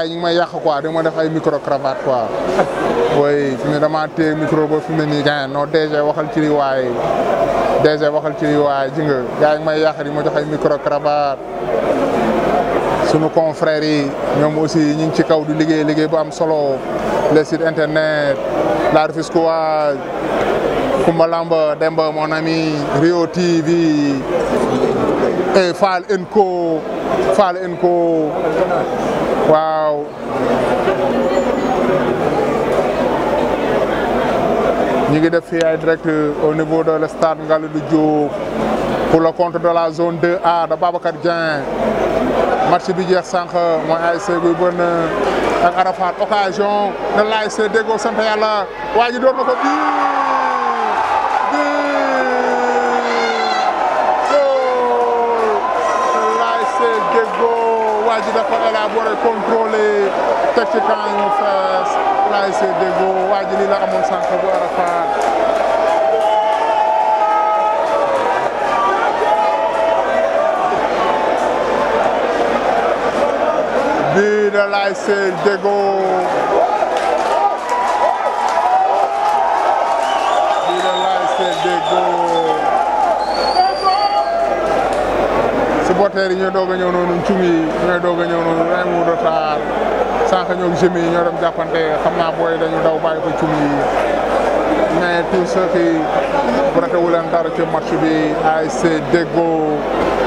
gars yi ñu ngi may yàq quoi dama def ay micro cravate quoi. oui fi mu ne micro ba fi mu ne nii gars waxal ci li waay DG waxal ci li waay ji nga gars yi ngi may di ma jox micro cravate. sunu confrères yi ñoom aussi ñu ngi ci kaw di liggéey liggéey bu am solo les sites internet la Rufisquoise Kumba Lamba Demba mon ami Rio TV et Fall Enco Fall Enco waaw. ñu ngi def fii ay direct euh, au niveau de le stade Ngalandou Diouf pour le compte de la zone 2A de Babacar Dieng match bi jeex sànq mooy ASC Guy Bonne ak Arafat occasion de l'ASC Deggo sant yàlla waa ji door na ko bii. Deggo waa ji dafa élaboré contrôlé teg ci kan yu fees ASC Déggoo waa ji lii la amoon sànq bu Arafat bii la ASC Déggoo bii la ASC Déggoo supporters yi doog a ñëw noonu cung yi doog a ñëw noonu un mois sànq ñoo jëmi yi ñoo dem jàppante xam naa booy dañu daw bàyyi ko cumi yi mais tout ce qui braqué wu leen dara ci match bi ASC Deggo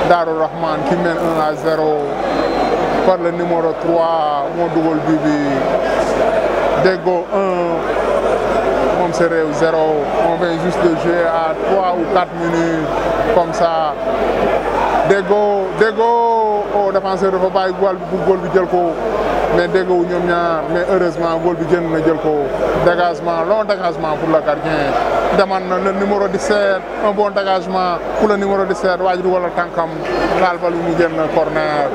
Daaru Rahman qui mène 1 par le numéro 3 moo dugal bi bi Deggo 1 moom c'est réew on vient juste de jouer à 3 ou 4 minutes comme ça Deggo Deggo oh défenseur dafa bàyyi goal bi bu goal bi jël ko. mais déggawu ñoom ñaar mais heureusement góol bi génn na jël ko dégagement loo dégagement pour le gardien deman na le numéro 17 un bon dégagement pour le numéro 17 waa ji du wala tànkam laal bal bi mu na corner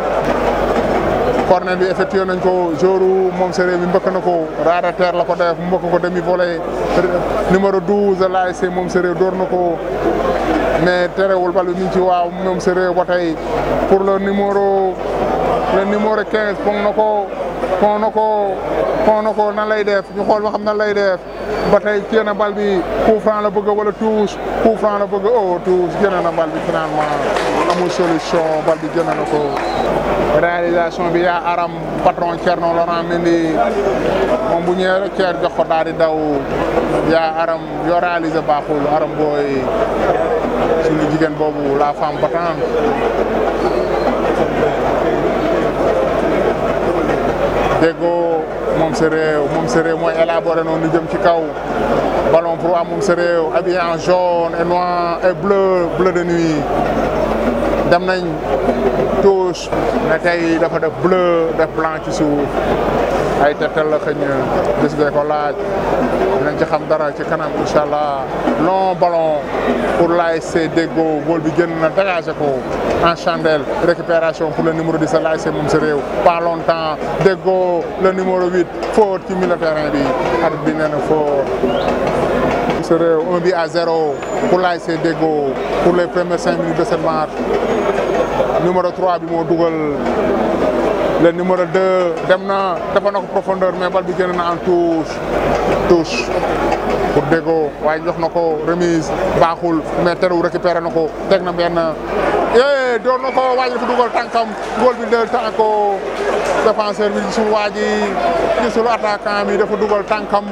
corner bi effectué nañ ko joru moom séré bi mbëkk na ko raara terre la ko def mu mbëkk ko demi volée numéro 12 la ASC moom séré door na ko mais terewul bal bi mi ngi waaw moom séré ba tey pour le numéro le numéro 15 ko pono ko pono ko nan lay def ñu xol ba xam na lay def ba ci na bal bi coup franc la bëgg wala touche coup franc la bëgg o touche gëna na bal bi finalement amu solution bal bi gëna na ko réalisation bi y'a aram patron Thierno Laurent mendi mom bu ñëw rek Thier jox ko daal daw ya aram yo réaliser baaxul aram booy suñu jigéen bobu la femme patron dego moom sa réew élaboré noonu lu ci kaw ballon pour waa moom habillé en jaune et noir et bleu bleu de nuit dem nañ touche ne tey dafa def bleu de blanc ci suuf ay tegtal la xëñ bés bee ko laaj je suis dara ci ballon pour l'ASC Dego, bool bi génn na ko en chandelle récupération pour le numéro 10 l'ASC moom sa pas longtemps Dego, le numéro 8 Fort ci milieu terrain bi arbitre bi 1 à 0 pour l'ASC Dego. pour les premiers 5 minutes de cette match numéro 3 bi moo le numéro 2 dem na dafa na ko profondeur mais bal bi génn na en touche touche pour Déggo waaye jox na ko remise baaxul mais terewul récupéré na ko teg na benn eh door na ko waaj dafa dugal tànkam góol bi del tànk ko dugal tànkam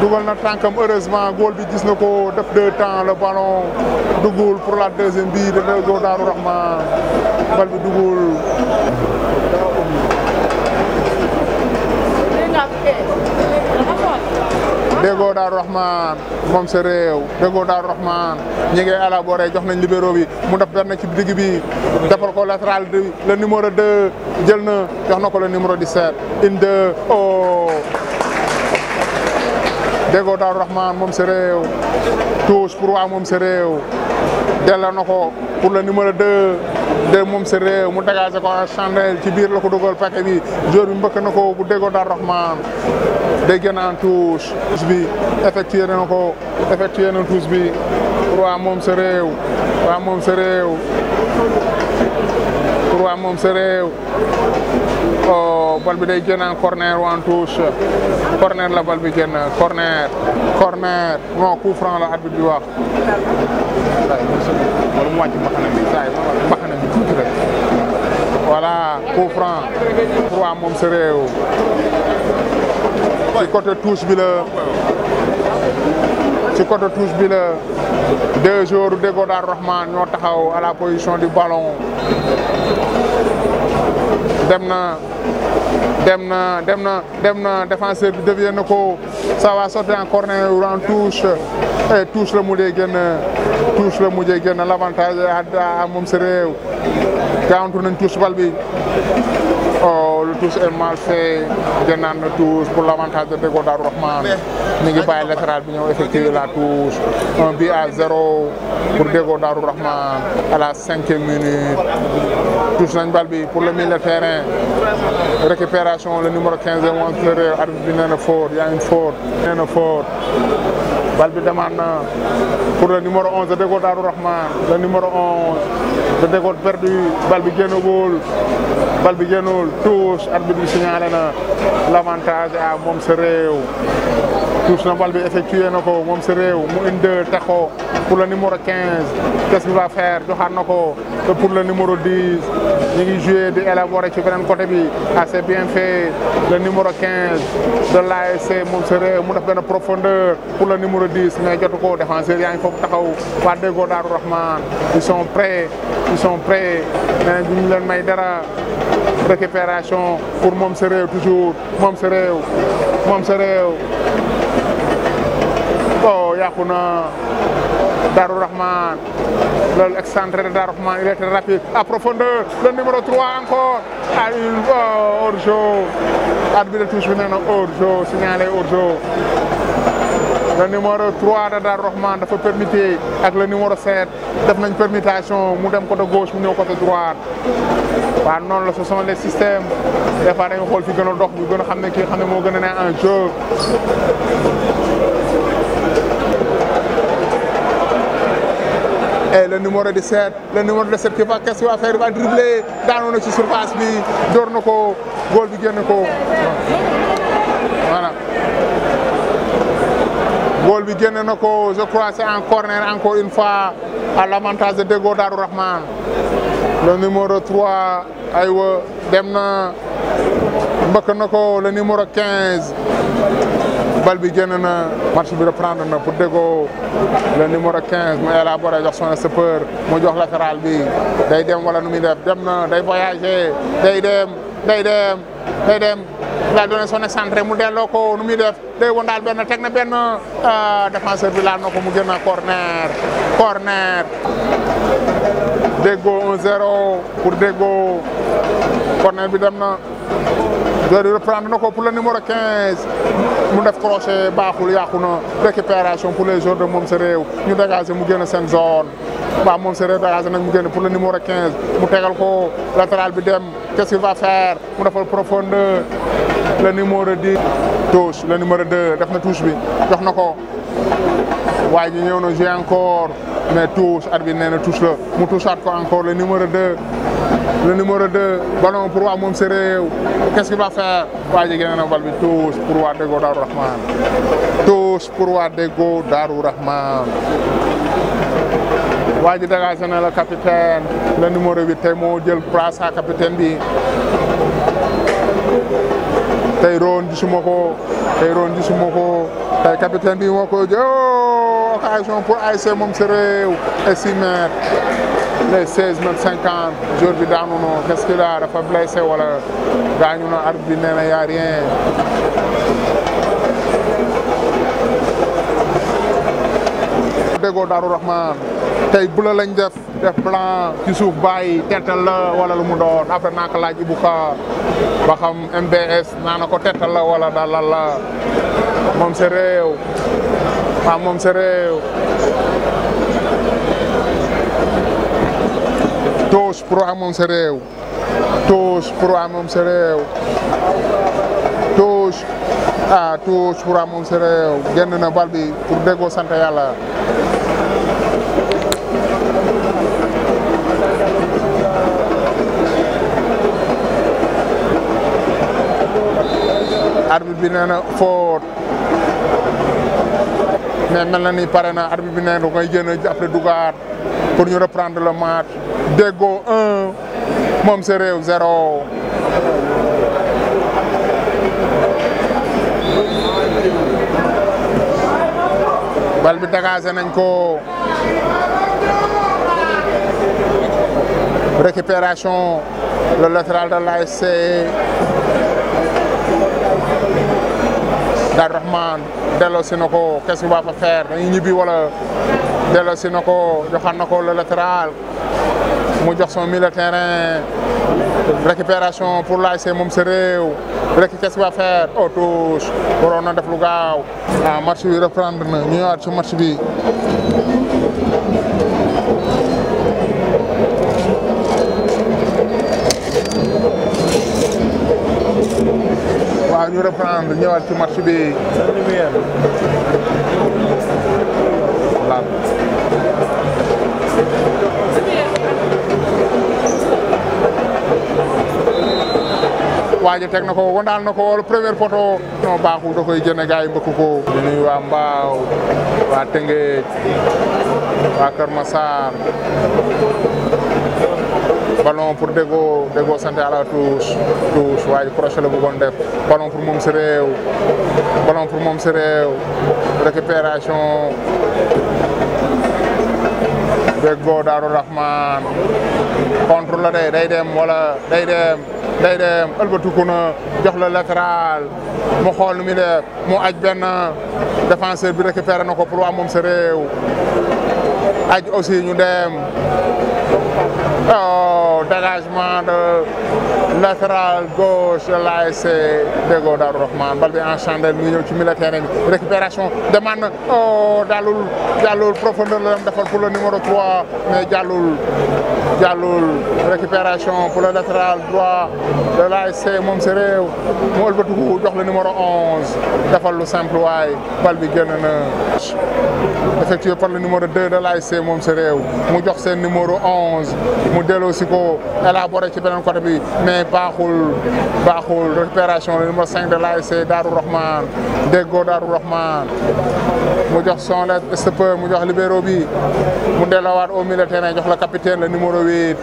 dugal na tànkam heureusement góol bi gis na ko def deux temps la ballon dugul pour la deuxième bi de Déggo Darou Rahmane bal bi dugul déggoo daal Rahman moom sa réew déggoo daal jox nañ libéro bi mu def benn ci digg bi defal ko latéral bi le numéro 2 jël na jox na ko la numéro 17 une deux oh. déggoo daal Rahman moom sa réew touche pour waa moom sa réew delloo na ko pour le numéro 2. de moom sa réew mu dégagé ko en chandelle ci biir la ko dugal paquet bi joor bi mbëkk na ko bu déggoo daal Rahman day génnaan touche bi effectué ko effectué na bi pour waa moom sa réew waa moom sa waa moom sa oh, day génnaan corner la bal bi génn corner corner non franc la arbitre bi wax wala mu wàcc bi saa yi mbaxana bi franc pour waa C'est côté touche bi la ci côté touche bi deux jours de Godard Rahman ñoo taxaw à la position du ballon Demna, demna, demna, demna, défenseur bi devient na ça va sortir en corner ou en touche et touche le mujjee touche le mujjee l'avantage à moom sa réew gaawantu une touche bal bi Oh, le touche est mal fait génnaan na touche pour l'avantage de Deggo Darou Rahman ngi bàyyi latéral bi ñëw effectuer la touche un but à zéro pour Deggo Darou Rahman à la cinquième minute touche nañ bal pour le milieu terrain récupération le numéro 15 et onze Fleurir arbitre bi nee na faute y a une faute nee na na pour le numéro 11 Deggo Darou Rahman le numéro 11 da dégoon perdu bal bi génnagul bal bi génnul touche arbitre bi signalé na l'avantage à moom sa réew na bal bi effectué na ko moom sa réew mu indi taxo pour le numéro 15 qu'est-ce qu'il va faire joxaat na ko pour le numéro 10 il ngi joué di élaborer sur la côté bi assez ah, bien fait le numéro 15 de l'ASC moom sere a profondeur pour le numéro 10 mais ko défenseur Il ngi foofu taxaw waa déggoo Rahman ils sont prêts ils sont prêts mais duñu leen récupération pour moom toujours moom sa Oh, il oh yàqu Darou Rahman loolu excentré de Darou Rahman il était rapide à profondeur le numéro 3 encore à une hors-jeu oh, arbitre de touche bi nee na hors-jeu numéro 3 de Darou Rahman dafa ak le numéro 7 def nañ permutation mu dem côté gauche mu ñëw côté droite waaw noonu la ce sont les systèmes des fois dañu xool gën a dox ñu gën a xam ne kii xam ne moo gën a ne en jeu et eh, le numéro 17 le numéro 17 qui va qu'est-ce qui va faire va dribbler daanoo na ci surface bi door na ko góol bi génn ko voilà bi génn na ko je crois c'est un corner encore une fois à l'avantage de Deggo Darou Rahman le numéro 3 aywa dem na mbëkk na ko bal bi génn na match bi reprendre na pour déggoo le numéro 15 mu élaboré jox son sapeur mu jox latéral bi day dem wala nu muy def dem na day voyagé day dem day dem day dem la donné son excentré mu delloo ko nu muy def day wëndaal benn teg na benn euh, défenseur bi laal na ko mu génn corner corner déggoo 1-0 pour déggoo corner bi dem na. Guéry reprendre na ko pour le numéro 15 mu def crochet baaxul yàqu na récupération pour les joueurs de Moom Sa Réew ñu dégager mu génn seen zone waaw Moom Sa Réew dégager nag mu génn pour le numéro 15 mu tegal ko latéral bi dem qu'est-ce qu'il va faire mu defal profondeur le numéro 10 touche le numéro 2 def na touche bi jox na ko waaye ñu ñëw na joué encore mais touche at bi nee na la mu touchaat ko encore le numéro 2 le numéro 2 ballon pour waa moom sa qu'est-ce va faire waa ji génne na bal bi tous pour waa Deggo Darou Rahman tous pour waa waa ji dégagé na la capitaine le numéro 8 tey moo jël place capitaine bi tey roon gisuma ko tey roon gisuma ko tey capitaine bi moo ko jël oh, occasion moom sa réew les 16 même bi daanu na qu'est-ce qu'il a dafa blessé na arbitre bi nee tey bula lañ def def blanc ci suuf bàyyi lu mu doon après naa ko laaj Ibou Ka MBS naa na ko tettal la wala dalal la moom sa réew waaw ah, toos pour amoon sa réew toos pour amoon sa réew amoon sa réew na bal bi pour déggoo sant yàlla na foot mais mel na ni pare na arbitre bi nee na da ngay génn après dugaat pour ñu reprendre le match déggoo un moom sa réew zéro bal bi dagaase nañ ko récupération le latéral de l'ASC Dar Rahman delloosi na ko qu'est-ce qu'il va faire dañuy ñibbi wala dello si ko joxan na ko le latéral Muitas jox son milieu terrain récupération pour l'ASC moom sa réew rek qu'est-ce va faire au touche waroon por def lu gaaw ah match bi reprendre na ñu ñëwaat ci match bi waaw ñu reprendre ñëwaat ci match bi waaja teg na ko wondaal na ko wala première photo non baaxul da koy jënd gars ko di nuyu waa Mbaaw waa Tëngéej waa Kër Massar ballon pour Deggo Deggo sant Yàlla tous tous waaye crochet la bëggoon def ballon pour moom si réew ballon pour moom si beeg boo daaru rahman contre day day dem wala day dem day dem ëlbatiku jox la latéral mu xool nu mu def mu aj benn défenseur bi récupéré na ko pour waa moom sa aj aussi ñu dem oh, dégagement de latéral gauche l'ASC Deggo Darou Rahmane bal bi en chandelle mu ngi ñëw ci milieu terrain bi récupération demande oh jàllul jàllul profondeur la dem defal pour le numéro 3 mais jàllul. Dialloul récupération pour le latéral droit de l'ASC moom sa réew mu ëlbatiku jox le numéro 11 defal lu simple waay bal bi génn na effectué par le numéro 2 de l'ASC moom sa réew mu jox seen numéro 11 mu delloo aussi ko élaboré ci beneen côté bi mais baaxul baaxul récupération le numéro 5 de l'ASC Darou Rahman Dego Darou Rahman mu jox son la SPE mu jox libéro bi mu delloowaat au milieu terrain jox la capitaine la numéro 8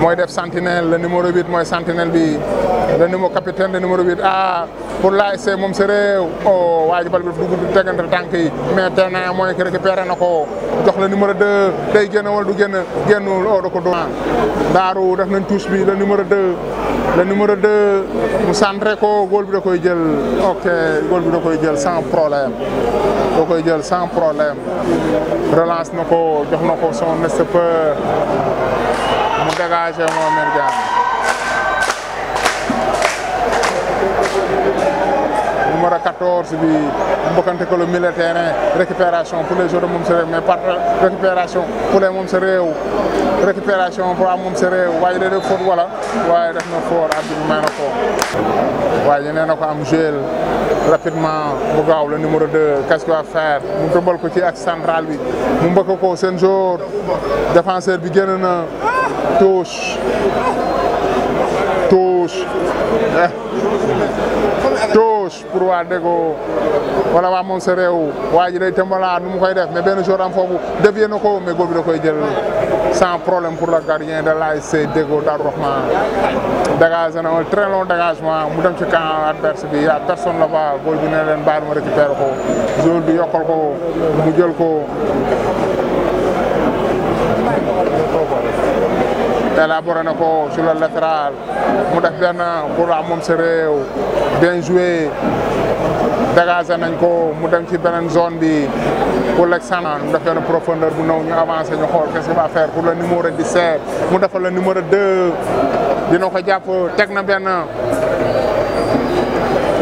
mooy def sentinelle le numéro 8 mooy sentinelle bi le numéro capitaine le numéro 8 ah pour l'ASC moom sa réew oh waa ji bal bi daf dugg tegante tànk yi mais tey naa mooy ki récupéré na ko jox le numéro de day génn wala du génn génnul oh da ko doon daaru def nañ touche bi le numéro 2 le numéro 2 mu centré ko góol bi da koy jël ok góol bi da koy jël sans problème da koy jël sans problème relance na ko jox na ko son stoppeur dégagé Mohamed Diagne numéro 14 bi mbokkante ko le milieu terrain récupération Moom Sa mais par récupération pour Moom Sa Réew récupération Moom Sa Réew waaye da def wala waaye def na fort arbitre bi may na fort waaye am jël rapidement bu gaaw la numéro de qu'est-ce qu'il va faire mu tëbal ko ci ak central bi mu mbëkk ko seen jour défenseur bi génn na touche touche eh, touche pour waa Deggo wala waa moom réew waa ji day tëmbalaa nu mu koy def mais benn jour am foofu dévié na ko mais góob bi da koy jël sans problème pour la gardien de l'ASC Deggo Darou Rahmane dégagé na un très long dégagement mu dem ci camp adverse bi a personne là-bas góol bi ne leen baal ma récupéré ko góol bi yokkal ko mu jël ko. élaboré na ko sur le latéral mu def benn pour am moom sa réew bien nañ ko mu dem ci beneen zone bi pour l'excentre mu def benn profondeur bu naw ñu avancé ñu xool qu'est-ce qu'il va faire pour le numéro 17 mu defal le numéro 2 dina ko jàpp teg na benn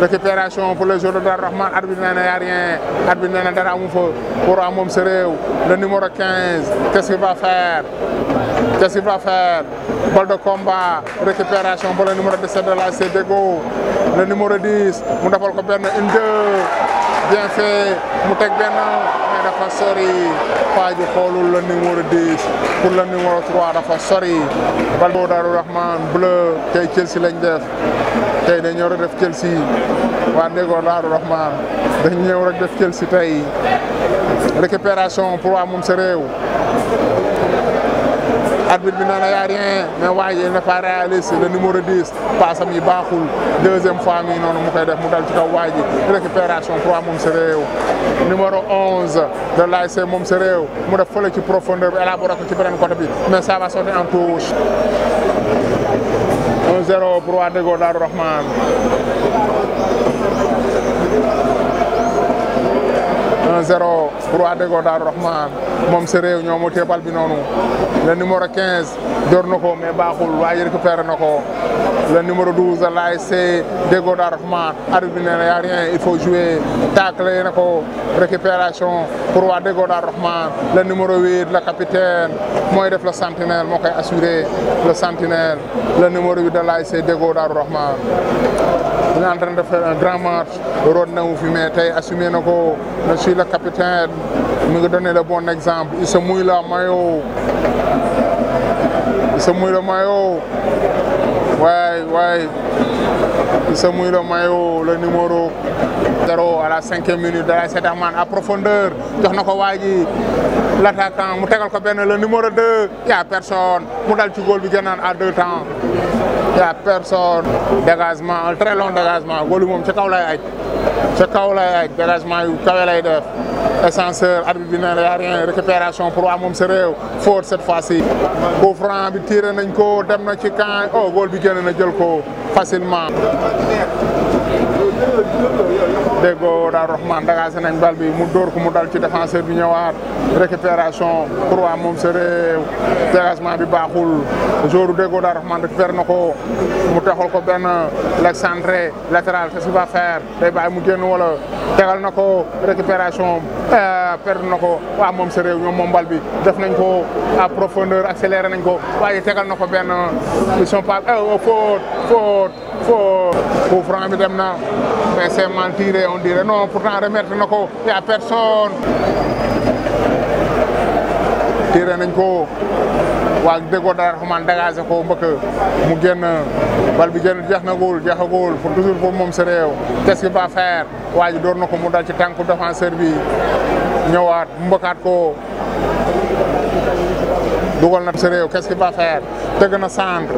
récupération pour le joueur de Dar Rahman arbitre nee na y a rien arbitre dara amu fa pour am moom sa réew le numéro qu'est-ce qu'il va faire qu'est-ce qu'il va faire bol de combat récupération pour le numéro 17 de l'ASC Deggo le numéro 10 mu defal ko benn une deux bien fait mu teg benn dafa sori waa ji xoolul le numéro 10 pour le numéro 3 dafa sori bal boobu Daaru Rahman bleu tey Chelsea lañ def tey dañ ñëw rek def waa Ndegor Daaru Rahman dañ ñëw rek def Chelsea tey récupération pour waa moom sa arbitre bi nee na yaa rien mais waaye il n'est pas réaliste le numéro 10 paasam yi baaxul deuxième fois mi noonu mu koy def mu dal ci kaw waa ji récupération 3 moom sa réew numéro 11 de l'ASC moom sa réew mu def fële ci profondeur bi élaboré ko ci beneen côté bi mais ça va sortir en touche 1-0 pour waa Deggo Daaru Rahman 1-0 pour waa Deggo Rahman mom sa réew ñoo mu bi noonu le numéro 15 door na ko mais baaxul waaye récupéré na le numéro 12 l'AIC, Deggo Darou arbitre a rien il faut jouer tacle, na récupération pour waa dégo Rahman. le numéro 8 le capitaine mooy def le sentinelle moo koy assurer le sentinelle le numéro 8 de l'AIC, Deggo Darou Il ñu en train de faire un grand match root na wu fi mais assumé na ko je suis le capitaine mi ngi donné le bon exemple il se mouille la maillot il se mouille le maillot à profondeur jox na ko waa ji l'attaquant mu tegal ko benn le numéro deux y a mu dal ci góol bi gënaan à deux temps y a personne dégagement un très long dégagement góol moom ci kaw lay aj ca kaw lay aj yu kawe def ascenseur arbitre bi rien récupération pour waa moom sa cette fois ci coup franc bi tiré nañ ko dem na ci camp oh góol bi na ko facilement déggoo daal Rahman dagaase nañ bal mu dóor ko mu dal ci défenseur bi ñëwaat récupération croix moom seree dégagement bi baaxul jour déggoo daal Rahman récupéré na ko mu texal ko benn leg centré latéral qu'est-ce va faire day bàyyi mu génn wala tegal na ko récupération euh, perdre na ko waa moom sa réew ñoom bi def nañ ko à profondeur accéléré nañ ko waaye tegal na ko benn ils sont pas euh, faute faute coup franc bi dem na mais c'est mentir on dirait non pourtant remettre na ko y a personne tiré nañ ko waa déggoo dara xamaan dégagé ko mbëkk mu génn bal bi génn jeexagul jeexagul pour toujours pour moom sa réew qu'est-ce va faire waa ji door na ko mu dal ci tànku défenseur bi ñëwaat mbëkkaat ko dugal na sa réew qu'est-ce va faire teg na centre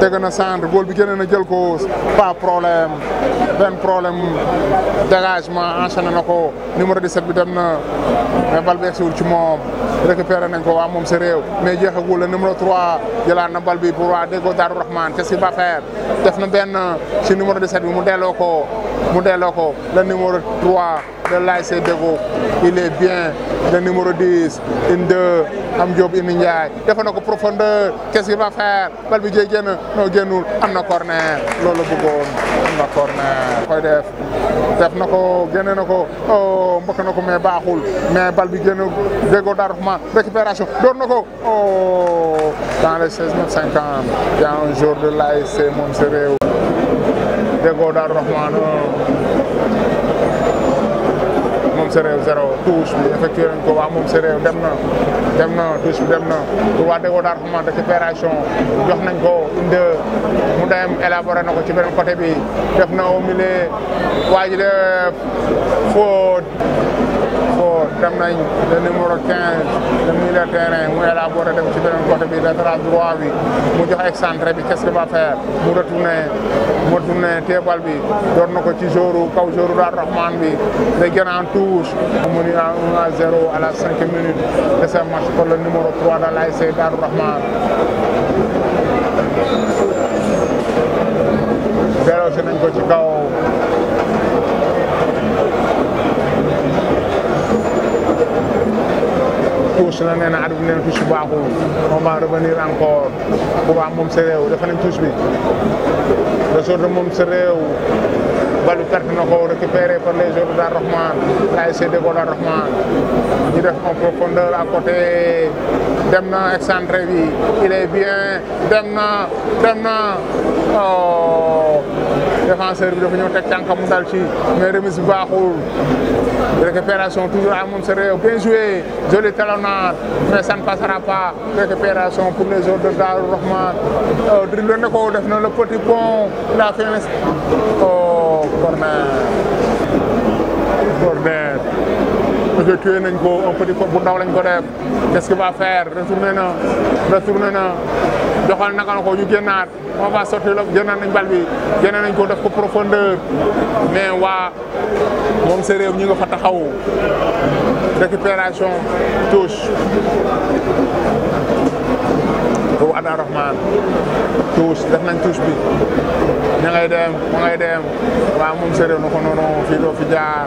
teg na centre góol bi génne na jël ko pas problème benn problème dégagement enchaîné na ko numéro 17 bi dem na mais bal bi egsiwul ci moom récupéré nañ ko waa moom sa réew mais jeexagul la numéro 3 jëlaat na bal bi pour waa Déggo Daaru Rahman qu'est-ce qu'il va def na benn ci numéro 17 bi mu delloo ko. mu delloo ko le numéro 3 de l'ASC Deggo il est bien le numéro 10 Inde am Diop Inde Ndiaye defe na ko profondeur qu'est-ce qu'il va faire bal bi jëy génn noo génnul am na corner loolu bëggoon am na corner koy def def na ko génne na ko oh mbëkk na ko mais baaxul mais bal bi génn Deggo Darou Rahmane récupération door na ko oh, dans les 16 a jour de l'ASC moom sa déggoo daal Rahman euh, moom sa réew zéro touche bi effectué nañ ko waa moom sa dem na dem na touche bi dem na pour waa déggoo daal Rahman récupération jox nañ ko inde mu dem élaboré na ko ci beneen côté bi def na au milieu waa ji ko dem nañ le numéro 15 le milieu de terrain mu élaboré dem ci beneen côté bi latéral droit bi mu jox excentré bi qu'est-ce qu'il mu retourné mu retourné teebal door na ko ci joru kaw joru daal Rahman bi day gën en touche mu ni à la 5 minutes de ce match pour le numéro 3 de l'ASC Darou nañ ko ci kaw touche na nee na arbitre bi nee na touche bu revenir encore pouvoir moom sa réew dafa nañ bi de sorte moom sa balu perte na ko par les joueurs de Dar Rahman l'ASC Deggo Dar Rahman ñu def en profondeur à côté bi il est bien dem na dem na oh. défenseur bi dafa ñëw teg tànkam mu ci mais remise bi baaxul récupération toujours à Montserrat bien joué joli talonnade mais ça ne passera pas récupération pour les joueurs de Darou Rahman euh, dribble le petit pont la fin oh corner corner parce que nañ ko bu ndaw lañ ko def quest que qu'il va faire retourné na retourné na joxal naka na ko ñu génnaat on va sortir la génnaat nañ bal bi nañ ko def ko profondeur mais waa moom sa réew fa taxaw récupération touche boobu Ada Rahman touche def nañ touche bi ña dem ma dem waa moom sa réew ko noonu fii doo fi jaar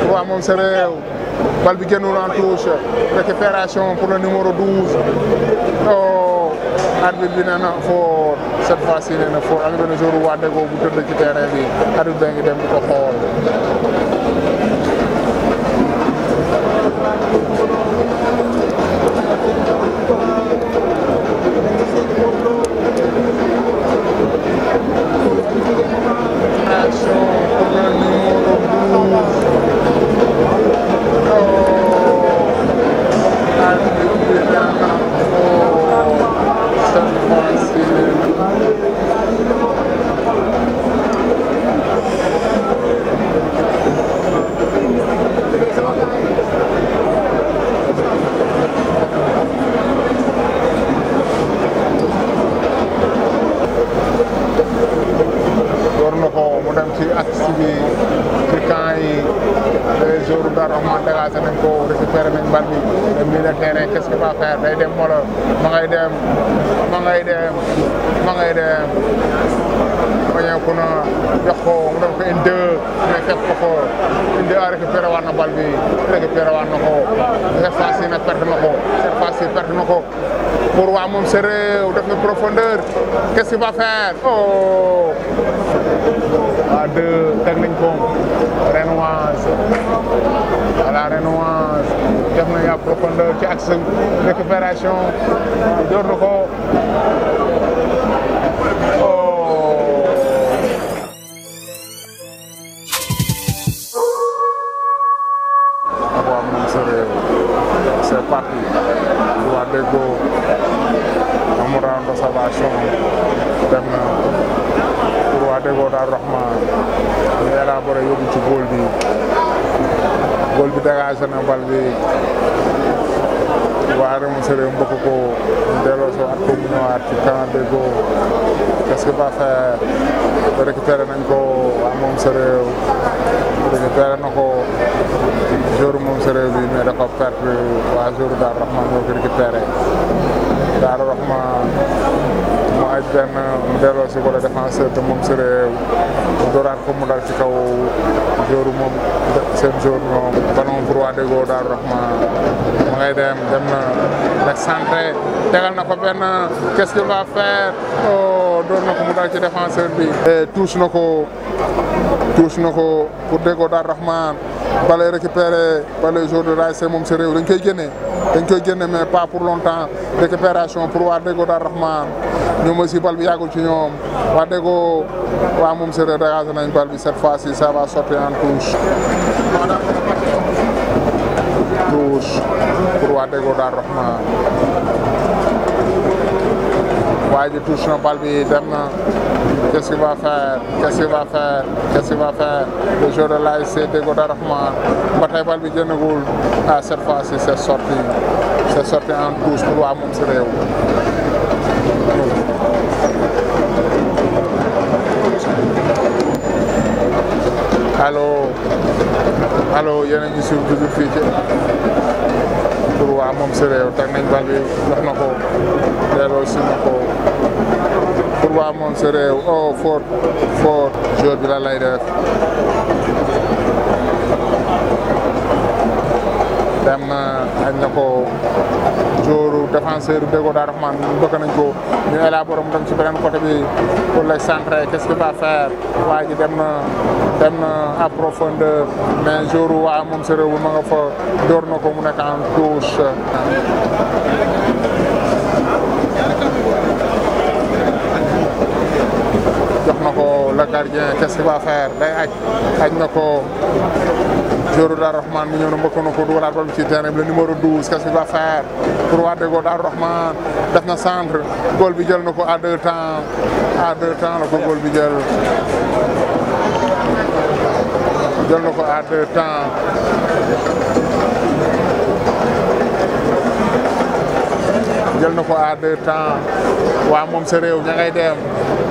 Touba moom sa réew bal bi génnul en touche récupération pour le numéro 12 oh arbitre bi nee na fort cette fois-ci nee na fort am benn jour waa Deggo bu tëdd ci bi arbitre ngi dem di ko xool. Thank you. sérieux def na profondeur qu'est-ce qu'il va oh à deux teg nañ ko Renoise voilà Renoise def na ya profondeur ci axe récupération door na ko bal bi waa Rémy Seré mbokk ko delloo at ko mu ñëwaat ci camp Deggo qu'est-ce que va faire récupéré nañ waa moom Seré récupéré na ko jour moom Seré bi waa jour Daaru Rahman moo ko récupéré Daaru Rahman benn a delloo si wala défenseur te moom Siré mu dooraat ko mu dal ci kaw joru moom seen jour moom ballon droit déggoo Daaru Rahman ma ngay dem dem na nag centré tegal ko benn qu'est-ce qu'il va faire oh door na ko mu dal ci défenseur bi eh, touche na ko touche na ko pour déggoo Daaru Rahman balay récupéré de l'ASC moom Siré dañ koy génne dañ koy génne mais pas pour longtemps récupération pour ñoom aussi bal bi yàggul ci ñoom wax dëgg wa moom Séeréer dégagé nañ bal bi cette fois ci ça va sortir en touche touche pour waa dégg daal Rahman waa ji touche na bal bi dem na qu'est-ce qu'il va faire qu'est-ce qu'il va faire qu'est-ce qu'il va faire le jeu de l'ASC Deggo Darou Rahmane ba tey bal bi génnagul ah cette sorti c'est sorti en touche pour waa moom si allo allo yéen a ngi suivre toujours fii ci pour moom sa réew teg bal bi jox ko delloo si na ko pour waa moom sa réew oh fort fort joueur lay xañ na ko joueur défenseur Deggo Darou Rahmane bëgg nañ ko ñu élaborer mu dem ci beneen côté bi pour les centrer qu'est-ce va faire waa ji dem na dem na à profondeur mais joueur waa moom sa réewul ma nga fa door na ko mu nekk en touche gardien qu'est-ce qu'il va faire day aj aj na ko Jorou Darou Rahman mu ñëw na mbëkk na ko dugalaat bal ci terrain bi le numéro 12 qu'est-ce qu'il va faire pour def na centre góol bi jël na ko à deux temps à deux temps la ko góol bi jël jël na ko à deux jël na ko à deux temps waa moom sa réew ña ngay dem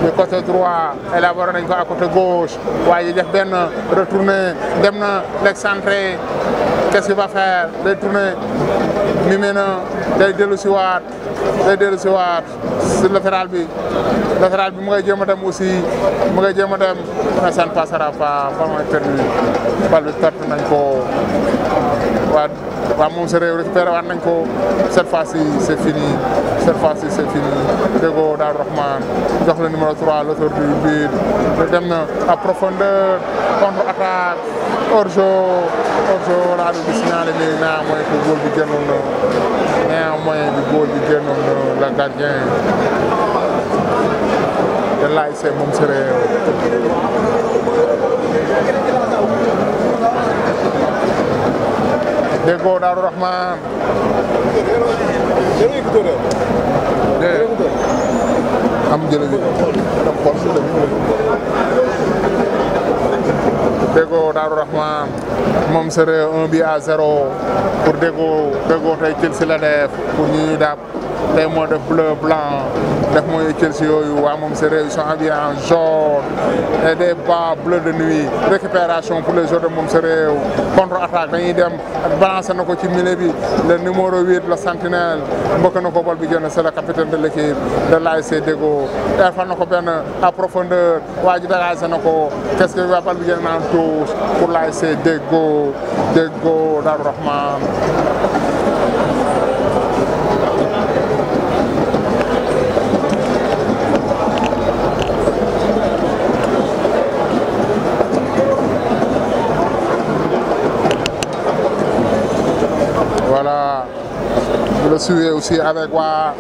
mais côté droit élaboré nañ ko à côté gauche waaye di def benn retourné dem na l'excentré qu'est-ce va faire day tourné mi me na day dellu si waat day dellu si waat sur latéral bi latéral bi mu ngay jéem a dem aussi mu nga jéem a dem mais ça passera pas vraiment perdu bal bi perte ko waa waa moom sa réew récupéré waat nañ ko cette fois-ci c'est fini cette fois-ci c'est fini Deggo Daaru Rahman jox la numéro 3 l'auteur du but dem na à profondeur contre attaque hors-jeu hors-jeu laa doon di signalé nii naa mooy que góol bi génnoon na naa mooy bi góol bi génnoon na la gardien de l'ASC moom sa réew déggoo Daaru Rahman. am jërëjëf. déggoo Daaru Rahman moom serait un bi à zéro pour déggoo déggoo tey Chelsea la def pour ñu ñu dàpp. tey moo def bleu blanc def mooy Chelsea yooyu waa moom c'est ils sont habillés en jaune et des bas bleu de nuit récupération pour les joueurs de moom sa contre-attaque dañuy dem balancer na ko ci milieu bi le numéro huit le sentinelle mbëkk na ko bal bi génn c'est le capitaine de l'équipe de l'ASC Déggo defal na ko benn à profondeur waa ji dégagé na ko qu'est-ce que waa bal bi génn naan touche pour l'ASC Déggo Déggo Darou Rahman suivez aussi avec waa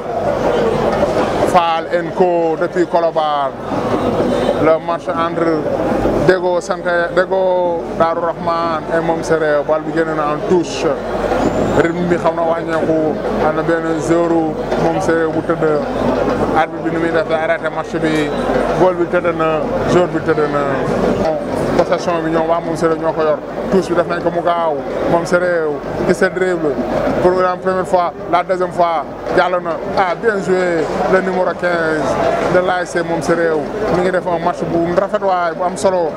Fall Co depuis Kolobar le match entre Dego Sanka Dego Darou Rahman et Moom Sere bal bi génn na en touche rythme bi xam na wàññeeku am na benn zéro bu tëdd arbitre bi ni muy def da arrêté match bi góol bi tëdd na jour bi tëdd na. possession bi ñoom waa moom Séré ñoo ko yor bi def nañ ko mu gaaw moom Séré ci seen dribble pour la première fois la deuxième fois jàll na ah bien joué le numéro 15 de l'ASC moom Séré mi ngi def un match bu rafet waay bu am solo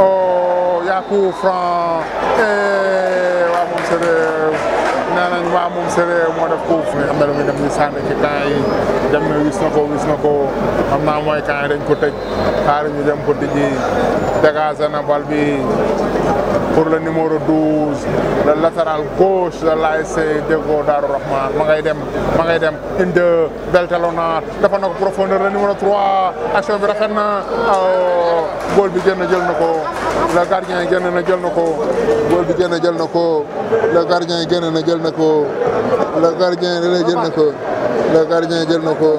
oh yaa coup franc eh waa moom Séré souvent moom séeréer moo def kuuf mais am na lu muy def ñu sànni ci yi dem na wis na ko wis na ko xam naa mooy camp yi dañ ko tëj xaar ñu dem ko tijji dégagé na bal bi pour le numéro 12 la latéral gauche de l'ASC Deggo Darou Rahman ma ngay dem ma ngay dem inde beltelona dafa ko profondeur le numéro 3 action bi rafet na oh, góol bi génn jël na ko la gardien yi génn na jël na ko góol bi génn jël na ko le gardien yi génn na jël na ko le gardien yi jël na ko le gardien yi na ko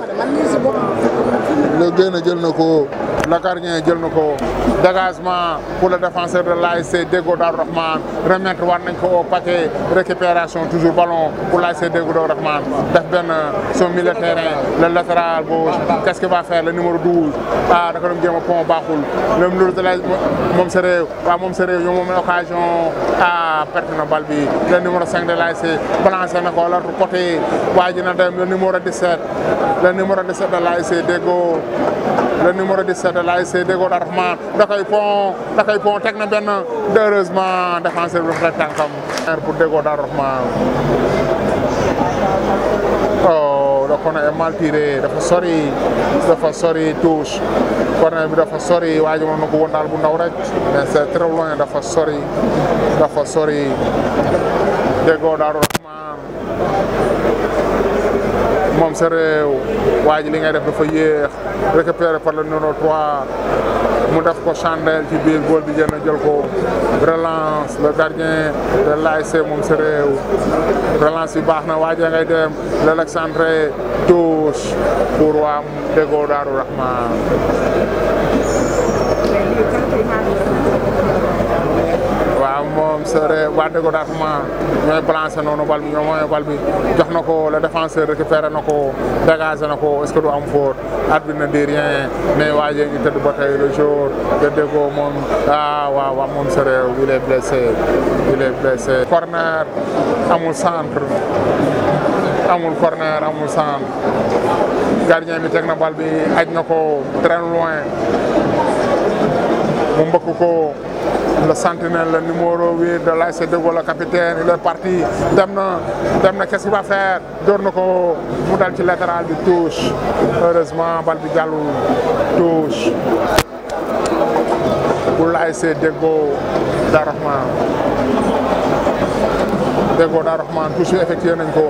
le génn jël na ko le gardien jël nako dégagement pour le défenseur de l'AIC, Dego Darou remettre war nañ ko au paquet récupération toujours ballon pour l'ASC Dego Darou def sur son milieu terrain le latéral gauche qu'est-ce qu'il va faire le numéro 12 ah da ko dem a pont baxul le numéro de la mom sa réew waaw moom sa réew ñoom ah, occasion à ah, le numéro 5 de l'ASC balancé na ko l'autre côté le numéro 17 le numéro 17 de l'AIC, Dego... le numéro 17 de l'ASC Deggo Darou Rahmane da koy pont da koy pont teg na benn heureusement défenseur bi rek tànkam pour Deggo Darou Rahmane oh le corner est mal tiré dafa sori dafa sori touche corner bi dafa sori waa ji na ko woon daal bu ndaw rek mais c'est trop loin dafa sori dafa sori Deggo Darou Rahmane moom sa réew waa ji li ngay def fa yéex récupéré par le numéro 3 mu def ko chandelle ci biir góol bi jënd jël ko relance le gardien de moom sa réew relance bi baax na waa jee ngay dem l'Alexandre touche pour waa Deggo Darou Rahman défenseur waa dégodagement ñooy balancé noonu bal bi ñoo jox na ko le défenseur récupéré na ko dégagé ko est-ce que du am fóor arbitre na di mais waajee ngi tëdd ba tey le jour de Deggo moom ah moom Sérère il blessé il blessé corner amul centre amul corner amul centre gardien bi teg na bal bi aj na ko très loin mu ko le sentinelle le numéro 8 de l'ASC De Gaulle le capitaine il est parti dem na dem na qu'est-ce va faire door na ko mu dal ci latéral bi touche heureusement bal bi jàllul touche pour l'ASC De Gaulle Darahman De Gaulle Darahman touche effectué nañ ko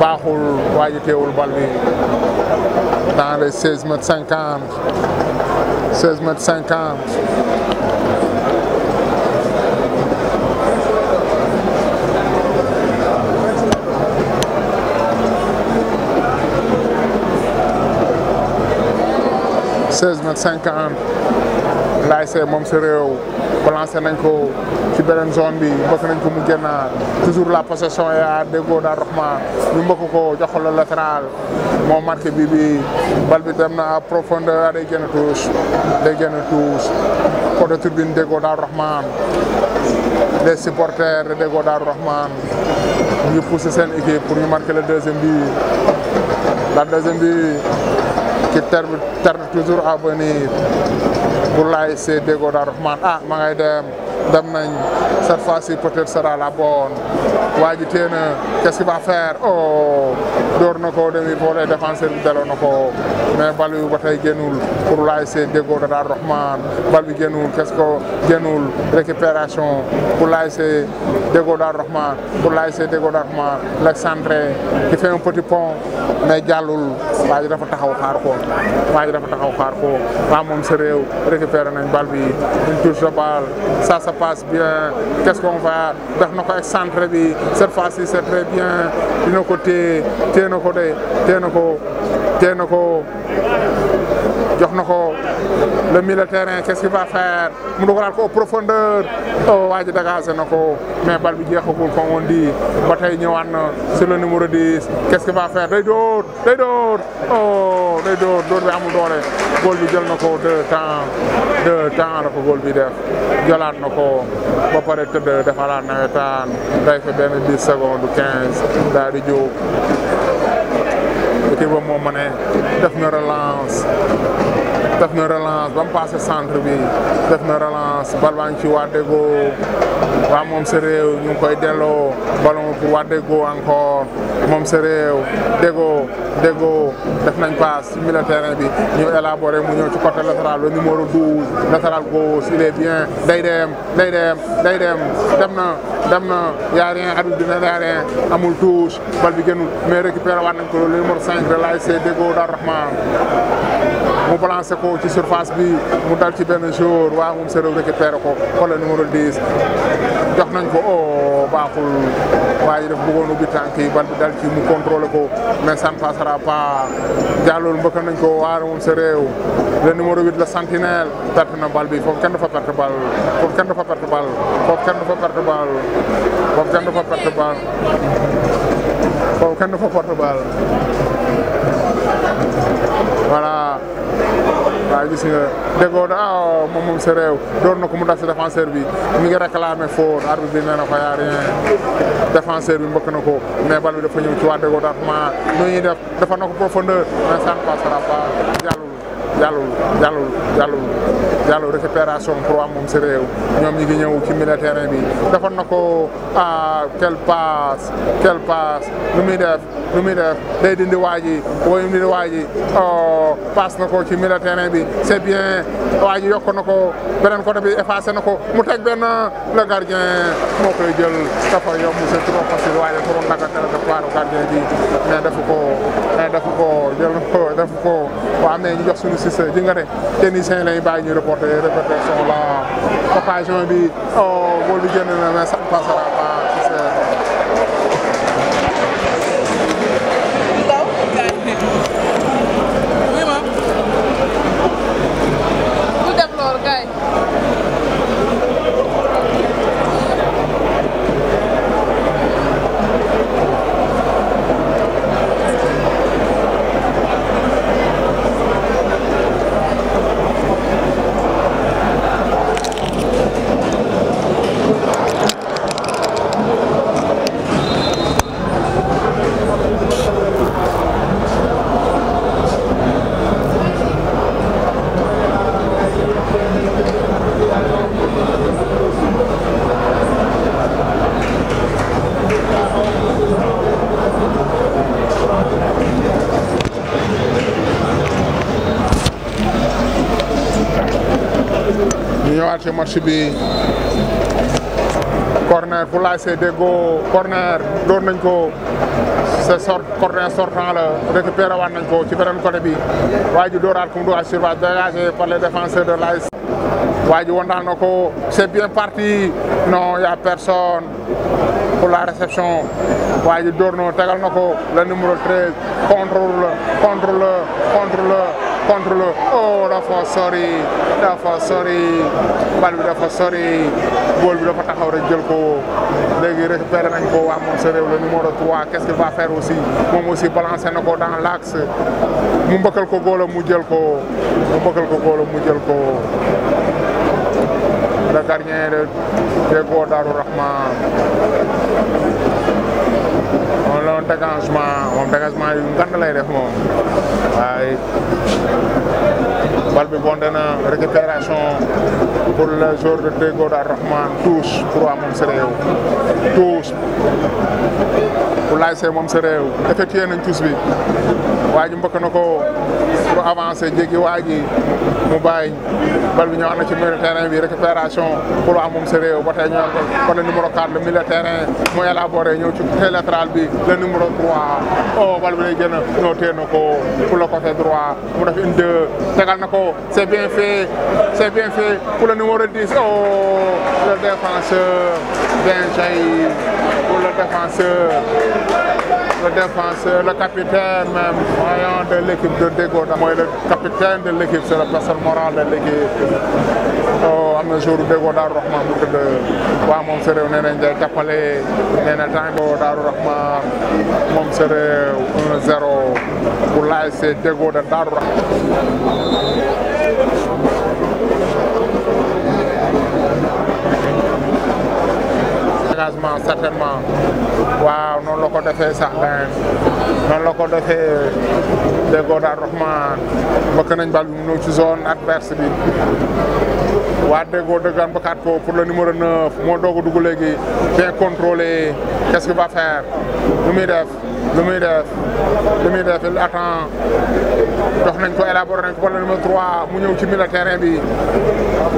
baaxul waaji teewul bal bi dans les 16 16,50. Seize mètres cinquante. l'ASC moom sa réew balancé nañ ko ci toujours la possession et à Dego Rahman, Rahma ñu mbokk ko jox le latéral marqué bi bi bal profondeur ah, day génn touche day Touche. touche côté turbine Dego daal les supporters Dego déggoo daal ñu poussé équipe pour ñu marquer le deuxième but. la deuxième but qui termine toujours à venir. pour l'ASC Deggo Darou Rahmane ah ma ngay dem nañ cette fois-ci peut-être sera la bonne waa ji tee na qu'est-ce oh, door na ko demi volet défenseur bi delloo na ko mais bal bi ba tey génnul pour l'ASC Ndiégo Dadar Rahman bal bi génnul qu'est-ce que génnul récupération pour la Ndiégo Dadar Rahman pour l'ASC Ndiégo Dadar Rahman l'excentré qui fait un petit pont mais jàllul waa ji dafa taxaw xaar ko waa dafa taxaw xaar ko waa moom sa réew nañ bal bi une touche de balle passe bien qu'est-ce qu'on va def na ko ak centre bi cette fois-ci c'est très bien dina ko téye téye na ko de téye na ko téye na ko. jox na ko le milieu terrain qu'est-ce qu'il va faire mu dugalaat ko profondeur oh, waa ji dégagé na ko mais bal bi jeexagul comme on dit ba tey ñëwaat na sur le numéro 10 qu'est-ce qu'il va faire day dóor day dóor oh day dóor dóor bi amul doole góol bi jël na ko deux temps deux temps la ko góol bi def jëlaat na ko ba pare tëdd defalaat nawetaan day fa benn 10 secondes 15 daal di kii ba moo ma ne def na relance def na relance ba mu bi def na relance bal baa ngi ci Wadego waa moom sa ñu ngi koy delloo ballon waa Wadego encore moom sa réew def nañ passe ci milieu terrain bi ñu élaboré mu ñëw ci côté latéral le numéro 12 latéral gauche il bien day dem day dem na dem na yaa rien arbitre dina amul touche bal bi gënul mais récupéré waat nañ ko le numéro 5 de l'ASC Dego Darou Rahman mu balancé ko ci surface bi mu dal ci benn jour waa moom sa réew récupéré ko xoolal numéro 10 jox nañ ko o oh, baaxul waa ji daf bëggoon ubbi tànk yi bal bi dal ci mu contrôlé ko mais ça ne passera pas jàllul mbëkk nañ ko waar moom sa réew le numéro 8 la sentinelle perte na bal bi foofu kenn dafa perte bal foofu kenn dafa fa bal foofu kenn dafa perte bal foofu kenn dafa perte kenn dafa perte bal voilà waaw gis nga déggoo na ah moom moom sa réew doon na ko mu dal si défenseur bi mi ngi réclamé bi nee na ko yaa rien défenseur bi mbëkk na mais bal bi dafa ñëw ci waa déggoo nu ñuy def dafa na ko profondeur mais ça jàllul jàllul jàllul jàllul récupération proie moom si réew ñoom ñi ngi ñëw ci milieu terrain bi defoon na ko ah quelle passe quelle passe nu muy def nu muy def day dindi waa ji way dindi waa ji oh, passe na ko ci milieu terrain bi c'est bien waa ji yokk na ko beneen côté bi effacé na ko mu teg benn le gardien moo koy jël dafa yomb c'est trop facile waaye dafa doon naka ko mais ko jël dafa ko waaw mais investisseurs ji nga ne techniciens lañ bàyyi ñu reporter reporter sont là occasion bi oh bool bi génn na mais ça ne ñëwaat ci match bi corner pour l'ASC Deggo corner door nañ ko c'est sort corner sortant la récupéré waat nañ ko ci beneen côté bi waa ji dooraat comme doit sur dégagé par les défenseurs de l'ASC waa ji wandaan na ko c'est bien parti no y a personne pour la réception waa ji door na tegal na ko le numéro 13 contre le contre le contrôle oh dafa sori dafa sori bal bi dafa sori bool bi dafa taxaw rek jël ko léegi récupéré nañ ko waa moom sa réew la numéro 3 qu'est-ce qu'il aussi moom aussi na ko dans l'axe mu mbëkkal ko góolam mu jël ko mu mbëkkal ko góolam mu jël ko le gardien de Daaru Rahman dégagement moom dégagement yu ngand lay def moom waaye bal bi bondé na récupération pour le joueur de Deggo Darou Rahmane touche pour waa moom sa réew touche pour l'ASC moom sa réew a nañ touche bi waa ji mbëkk na ko pour avancer jéggi waa mu bàyyi bal bi ñëwaat na ci milieu terrain bi récupération pour waa moom sa réew ba tey ñu ko le numéro 4 mu élaboré ñëw ci côté latéral bi le numéro 3 oh bal bi lay gën a noo na ko pour le côté droit mu def une deux tegal na ko c'est bien fait, c'est bien fait pour le numéro 10, oh, le défenseur, bien Jaï, pour le défenseur le défenseur, le capitaine même, voyant de l'équipe de Dégoda. Moi, le capitaine de l'équipe, c'est la personne morale de l'équipe. Oh, na jour Deggo Daaru Rahman bu tëdd waa moom sa réew nee nañ day jàppale nee na temps boo Daaru Rahman moom sa 1-0 pour l'ASC Deggo Daaru Rahman dégagement certainement waaw noonu la ko defee sax benn noonu la ko defee déggoo daal Rahman bëkk nañ bal bi mu ñëw ci zone adverse bi waa déggoo dëggaan bëkkaat ko pour le numéro 9 moo doog a dugg léegi bien contrôlé qu'est-ce qu'il va faire nu def Le muy le le il attend Donc nañ ko élaborer nañ ko de numéro 3 mu ñëw ci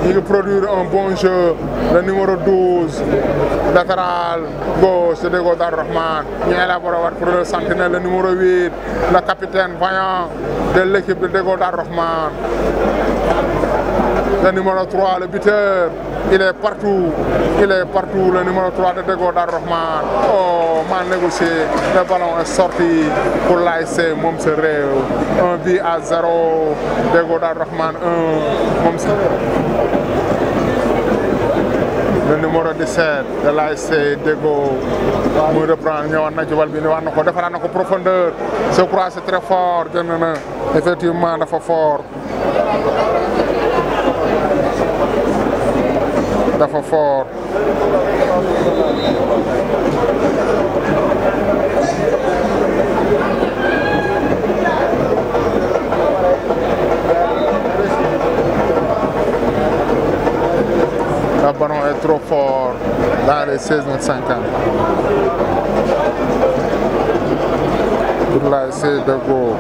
Il produire un bon jeu le numéro 12 latéral gauche de Deggo Darou Il ñu élaborer pour le sentinelle le numéro 8 le capitaine vaillant de l'équipe de Deggo le numéro 3, le buteur, il est partout, il est partout, le numéro 3 de Dego Darrahman. Oh, mal négocié, le ballon est sorti pour l'ASC Momseré. Un but à 0, Dego Darrahman 1, Momseré. le numéro 17 de l'ASC Dego muy reprendre ñëwaat na ci bal bi ñëwaat na ko defaraat profondeur je crois c'est très fort génn na effectivement fort dafa foor Le é est trop fort dans les 16 mètres 50. Pour la de go.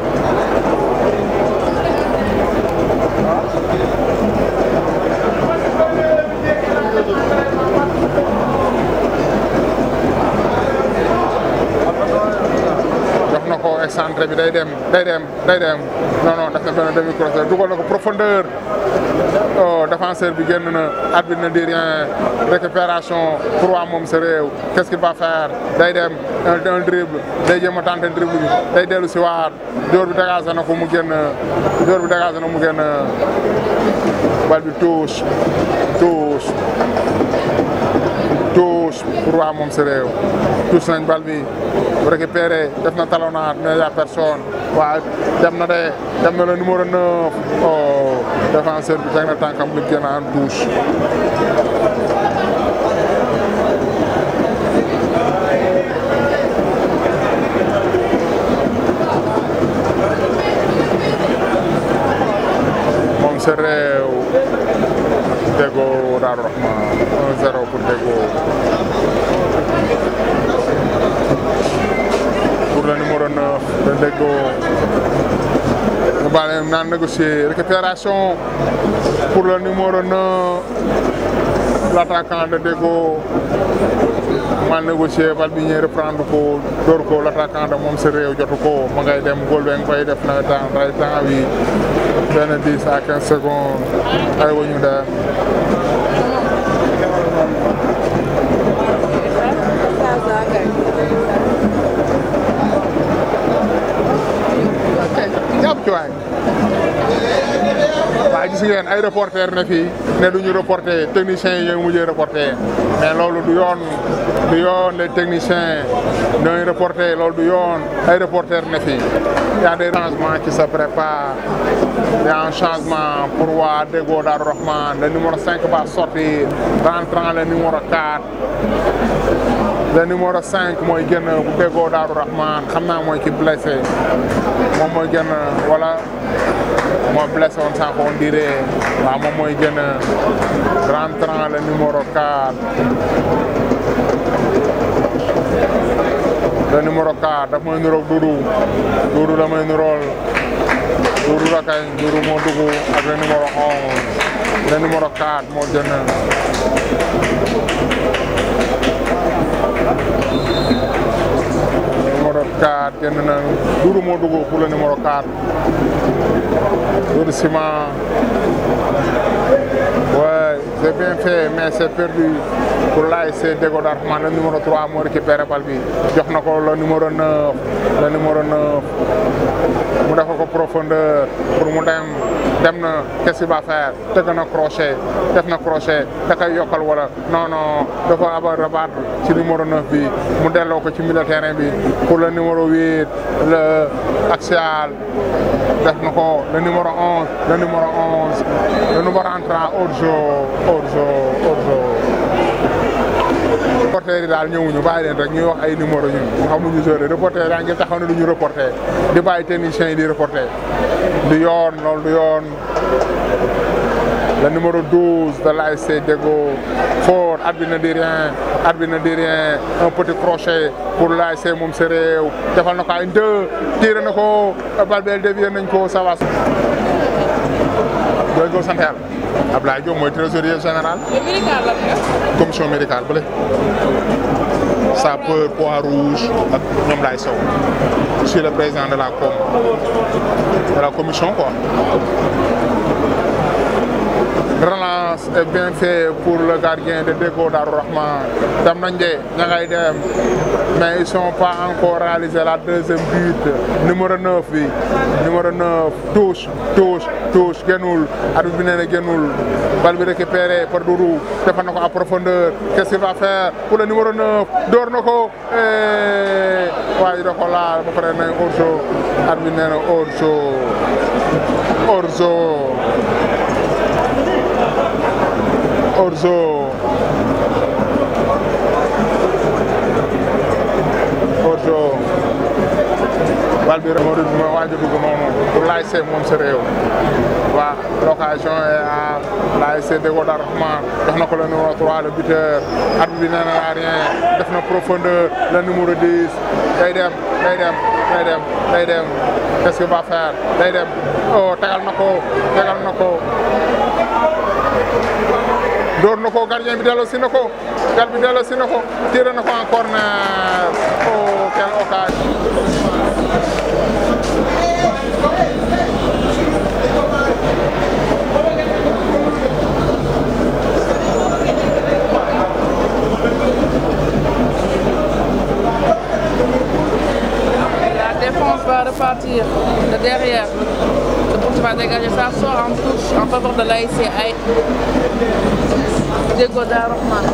jox na ko excentré bi day dem day dem day dem non non def na demi croisé dugal na ko profondeur oh, défenseur bi génn na arbitre na di rien pour waa moom sa qu'est-ce qu'il va faire day dem un dribble day jéem a tenter dribble bi day dellu si waxaat dóor bi dagaase na ko mu génn dóor bi dagaase na mu génn bal bi touche si réew touche nañ bal bi récupéré def na talonnaat mais y'a personne waa dem na de dem na le numéro 9 oh défenseur bi teg na tànkam mu génn en touche réew Deggo Daaru Rahma pour Deggo pour le numéro 9 de Deggo Moubalem n'a négocié récupération pour le numéro 9 l'attaquant de Deggo mal négocié bal bi ñuy reprendre ko door ko l'attaquant de moom sa réew jotu ko ma ngay dem góol be nga koy def na temps ray temps bi benn 10 à 15 secondes ay wañu da yéen ay reporter na fi ne du ñu reporter technicien yi ñooy mujjee reporter mais loolu du yoon du yoon les techniciens ñooy reporter loolu du yoon ay reporter ne fii y a des changements qui se préparent y a un changement pour waa Deggo Darou Rahman le numéro 5 va sortir rentrant le numéro 4 le numéro 5 moy génn bu Deggo Darou Rahman xam naa mooy ki blessé moom mooy genn voilà moo place on sànq on dirait waaw moom moy gën a rentrant le numéro 4 le numéro 4 daf moy nuroog dudu dudu la moy nurool dudu la kay dudu mo dugu ak le numéro 11 le numéro 4 mo gën numéro 4 génn na Doudou moo dugg pour le numéro 4 Doudou Ciment ouais bien fait mais c'est perdu pour l'ASC Deggo Darou Rahmane le numéro 3 moo récupéré bal bi jox na ko le numéro 9 le numéro 9 mu def ko profondeur pour mu dem. dem na qu'est-ce qu'il va na crochet def na crochet da koy yokkal wala non non aba rabattre ci numéro 9 bi mu delloo ko ci milieu terrain bi pour le numéro 8 le axial def na ko le numéro 11 le numéro 11 le entrant hors jeu hors jeu reporter yi daal ñëwuñu bàyyi leen rek ñuy wax ay numéro ñun ñu xamuñu joueur reporter daa ngi taxaw ne ñu reporter di bàyyi techniciens yi di reporter du yoon loolu du yoon le numéro 12 de l'ASC Deggo fort arbitre ne dit rien arbitre ne un petit crochet pour l'ASC Moom Sa Réew defal na ko ay deux tiré na ko balbel dévié ko ça va. doy ko Ablaye suis trésorier général. médical la commission médicale sapeur poids rouge je suis le président de la com la commission quoi. relance est bien fait pour le gardien de Dégo Darou Rahman dem nañ mais ils sont pas encore réalisés la deuxième but numéro 9 oui. numéro 9 touche touche. touche génnul arbitre bi nee na génnul bal bi récupéré par Doudou defal na ko à profondeur qu'est-ce qu'il va pour le numéro 9 door na ko eh, waaye da ko laal ba pare nay hors jeu bi nee na hors jeu hors bal bi moo doon moo waaj a dugg moom pour l'ASC moom sa réew waa l'occasion est à l'ASC Degauda Rahma jox na ko le numéro 3 le buteur arbitre bi nee na rien def na profondeur le numéro 10 day dem day dem day dem day dem qu'est-ce qu'il va faire day dem oh tegal na ko tegal na ko door na ko gardien bi delloosi na ko gardien bi delloosi na ko tiré na ko encore na oh quelle occasion défense va repartir de derrière. Le porte va dégager, ça sort en touche en faveur de l'AICI. Diego Darman.